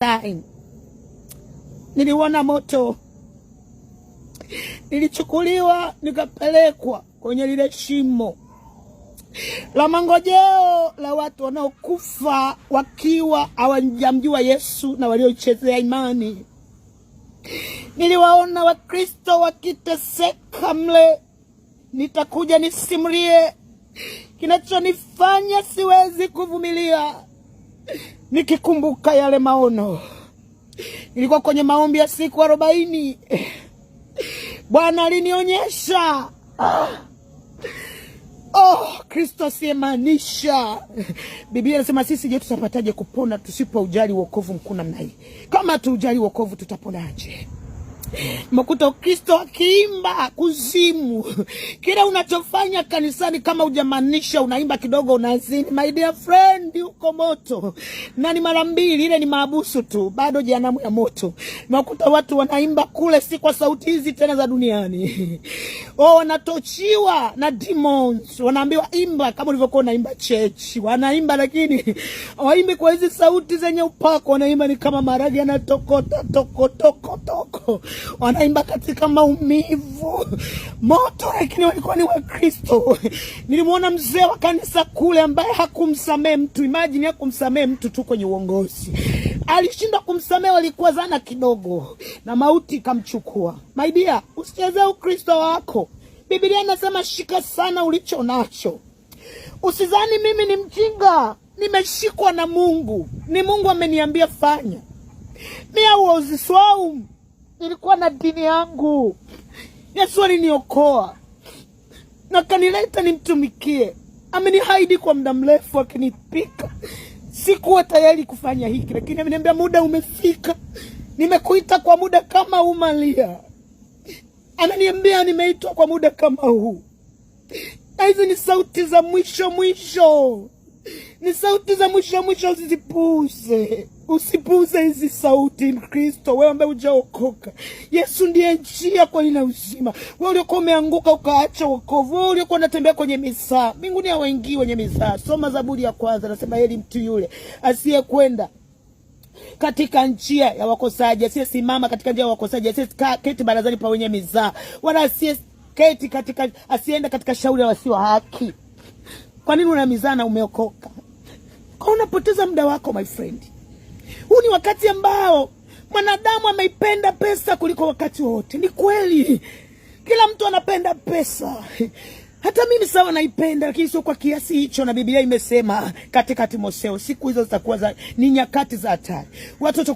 Time. Niliona moto, nilichukuliwa nikapelekwa kwenye lile shimo la mangojeo la watu wanaokufa wakiwa hawajamjua Yesu na waliochezea imani. Niliwaona Wakristo wakiteseka mle. Nitakuja nisimulie kinachonifanya siwezi kuvumilia nikikumbuka yale maono, nilikuwa kwenye maombi ya siku arobaini. Bwana alinionyesha Oh, Kristo asiyemaanisha. Biblia inasema sisi je, tutapataje kupona tusipo ujali wokovu mkuu namna hii? Kama tuujali wokovu tutaponaje? Mkuto Kristo akiimba kuzimu. Kila unachofanya kanisani, kama ujamanisha unaimba kidogo, unazini. My dear friend, uko moto, na ni mara mbili. Ile ni maabusu tu, bado jehanamu ya moto. Mkuto watu wanaimba kule, si kwa sauti hizi tena za duniani. Oh, wanatochiwa na demons, wanaambiwa imba kama ulivyokuwa unaimba church. Wanaimba lakini waimbi kwa hizi sauti zenye upako, wanaimba ni kama maragi yanatokota toko toko toko wanaimba katika maumivu moto, lakini walikuwa ni Wakristo. Nilimwona mzee wa kanisa kule ambaye hakumsamehe mtu, imajini hakumsamehe mtu tu kwenye uongozi, alishindwa kumsamehe, walikuwa zana kidogo na mauti ikamchukua. Maidia, usichezee Ukristo wako. Biblia inasema shika sana ulicho nacho. Usizani mimi ni mjinga, nimeshikwa na Mungu, ni Mungu ameniambia fanya. Mie hauziswaumu nilikuwa na dini yangu. Yesu aliniokoa na kanileta nimtumikie. Amenihaidi kwa muda mrefu, akinipika. Sikuwa tayari kufanya hiki, lakini ameniambia muda umefika, nimekuita kwa muda kama huu. Maria ananiambia nimeitwa kwa muda kama huu, na hizi ni sauti za mwisho mwisho, ni sauti za mwisho mwisho, usizipuuze. Usipuuze hizi sauti Mkristo, wewe ambaye hujaokoka. Yesu ndiye njia, kweli na uzima. Wewe uliokuwa umeanguka ukaacha wokovu, wewe uliokuwa unatembea kwenye misaa, mbinguni hawaingii wenye misaa. Soma Zaburi ya kwanza, nasema heri mtu yule asiyekwenda katika njia ya wakosaji, asiyesimama katika njia ya wakosaji, asiyeketi barazani pa wenye mizaa, wala asiyeketi katika, asienda katika shauri la wasio haki. Kwa nini una mizaa na umeokoka? Kwa unapoteza muda wako my friend. Huu ni wakati ambao mwanadamu ameipenda pesa kuliko wakati wote. Ni kweli, kila mtu anapenda pesa. Hata mimi sawa naipenda, lakini sio kwa kiasi hicho, na Biblia imesema katika Timotheo siku hizo zitakuwa ni nyakati za hatari watoto